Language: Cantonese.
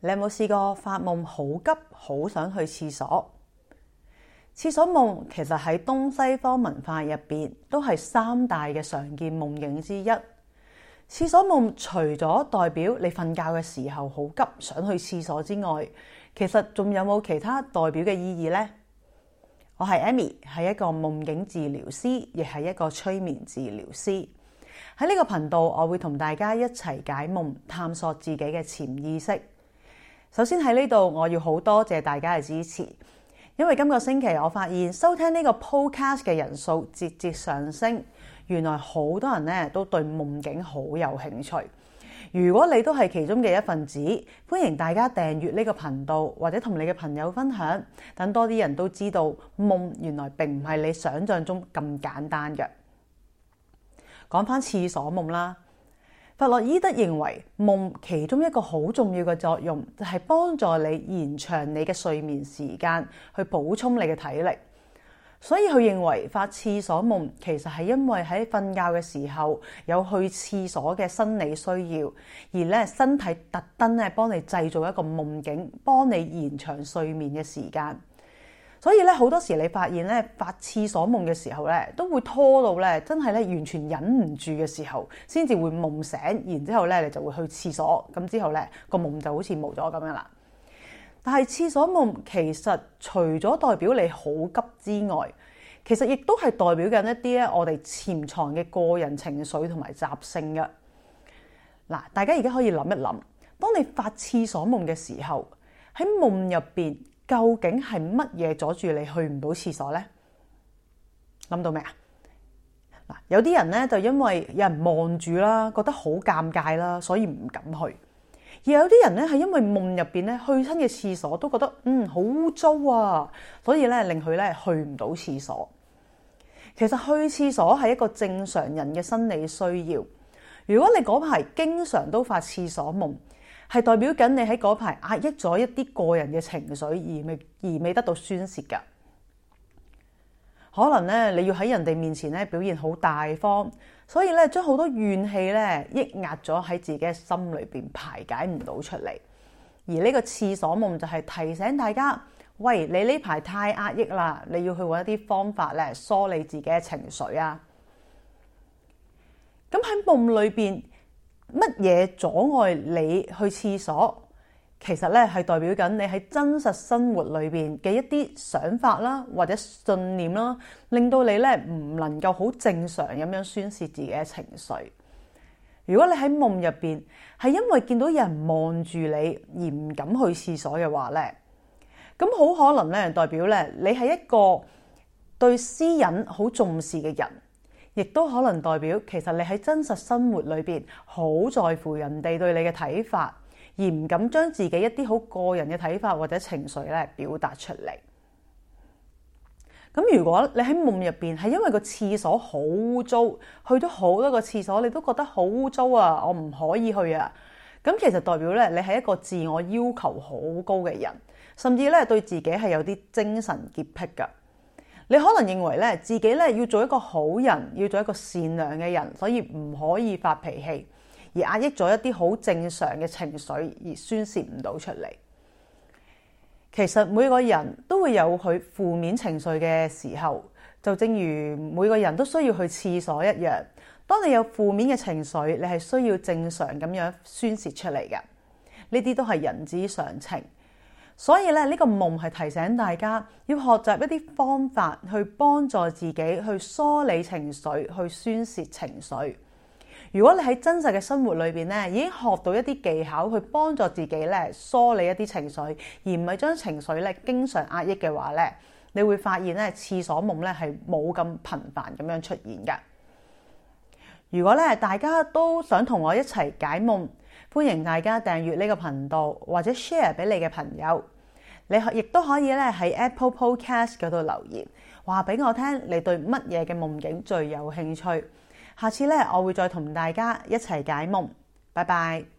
你有冇試過發夢好急，好想去廁所？廁所夢其實喺東西方文化入邊都係三大嘅常見夢境之一。廁所夢除咗代表你瞓覺嘅時候好急想去廁所之外，其實仲有冇其他代表嘅意義呢？我係 Amy，係一個夢境治療師，亦係一個催眠治療師。喺呢個頻道，我會同大家一齊解夢，探索自己嘅潛意識。首先喺呢度，我要好多謝大家嘅支持，因為今個星期我發現收聽呢個 podcast 嘅人數節節上升，原來好多人咧都對夢境好有興趣。如果你都係其中嘅一份子，歡迎大家訂閱呢個頻道或者同你嘅朋友分享，等多啲人都知道夢原來並唔係你想象中咁簡單嘅。講返廁所夢啦。弗洛伊德認為夢其中一個好重要嘅作用，就係幫助你延長你嘅睡眠時間，去補充你嘅體力。所以佢認為發廁所夢其實係因為喺瞓覺嘅時候有去廁所嘅生理需要，而咧身體特登咧幫你製造一個夢境，幫你延長睡眠嘅時間。所以咧，好多時你發現咧發廁所夢嘅時候咧，都會拖到咧，真係咧完全忍唔住嘅時候，先至會夢醒，然之後咧，你就會去廁所，咁之後咧個夢就好似冇咗咁樣啦。但係廁所夢其實除咗代表你好急之外，其實亦都係代表緊一啲咧我哋潛藏嘅個人情緒同埋習性嘅。嗱，大家而家可以諗一諗，當你發廁所夢嘅時候，喺夢入邊。究竟係乜嘢阻住你去唔到廁所呢？諗到未啊？有啲人咧就因為有人望住啦，覺得好尷尬啦，所以唔敢去；而有啲人咧係因為夢入邊咧去親嘅廁所，都覺得嗯，好污糟啊，所以咧令佢咧去唔到廁所。其實去廁所係一個正常人嘅生理需要。如果你嗰排經常都發廁所夢，係代表緊你喺嗰排壓抑咗一啲個人嘅情緒而未而未得到宣洩㗎，可能咧你要喺人哋面前咧表現好大方，所以咧將好多怨氣咧抑壓咗喺自己嘅心裏邊排解唔到出嚟，而呢個廁所夢就係提醒大家，喂，你呢排太壓抑啦，你要去揾一啲方法咧梳理自己嘅情緒啊。咁喺夢裏邊。乜嘢阻礙你去廁所？其實咧係代表緊你喺真實生活裏邊嘅一啲想法啦，或者信念啦，令到你咧唔能夠好正常咁樣宣泄自己嘅情緒。如果你喺夢入邊係因為見到有人望住你而唔敢去廁所嘅話咧，咁好可能咧代表咧你係一個對私隱好重視嘅人。亦都可能代表，其實你喺真實生活裏邊好在乎人哋對你嘅睇法，而唔敢將自己一啲好個人嘅睇法或者情緒咧表達出嚟。咁如果你喺夢入邊係因為個廁所好污糟，去咗好多個廁所你都覺得好污糟啊，我唔可以去啊。咁其實代表咧，你係一個自我要求好高嘅人，甚至咧對自己係有啲精神潔癖噶。你可能認為咧，自己咧要做一個好人，要做一個善良嘅人，所以唔可以發脾氣，而壓抑咗一啲好正常嘅情緒而宣泄唔到出嚟。其實每個人都會有佢負面情緒嘅時候，就正如每個人都需要去廁所一樣。當你有負面嘅情緒，你係需要正常咁樣宣泄出嚟嘅，呢啲都係人之常情。所以咧，呢個夢係提醒大家要學習一啲方法去幫助自己去梳理情緒，去宣泄情緒。如果你喺真實嘅生活裏邊咧，已經學到一啲技巧去幫助自己咧梳理一啲情緒，而唔係將情緒咧經常壓抑嘅話咧，你會發現咧，廁所夢咧係冇咁頻繁咁樣出現噶。如果咧大家都想同我一齊解夢，歡迎大家訂閱呢個頻道，或者 share 俾你嘅朋友。你亦都可以咧喺 Apple Podcast 嗰度留言，話俾我聽你對乜嘢嘅夢境最有興趣。下次咧，我會再同大家一齊解夢。拜拜。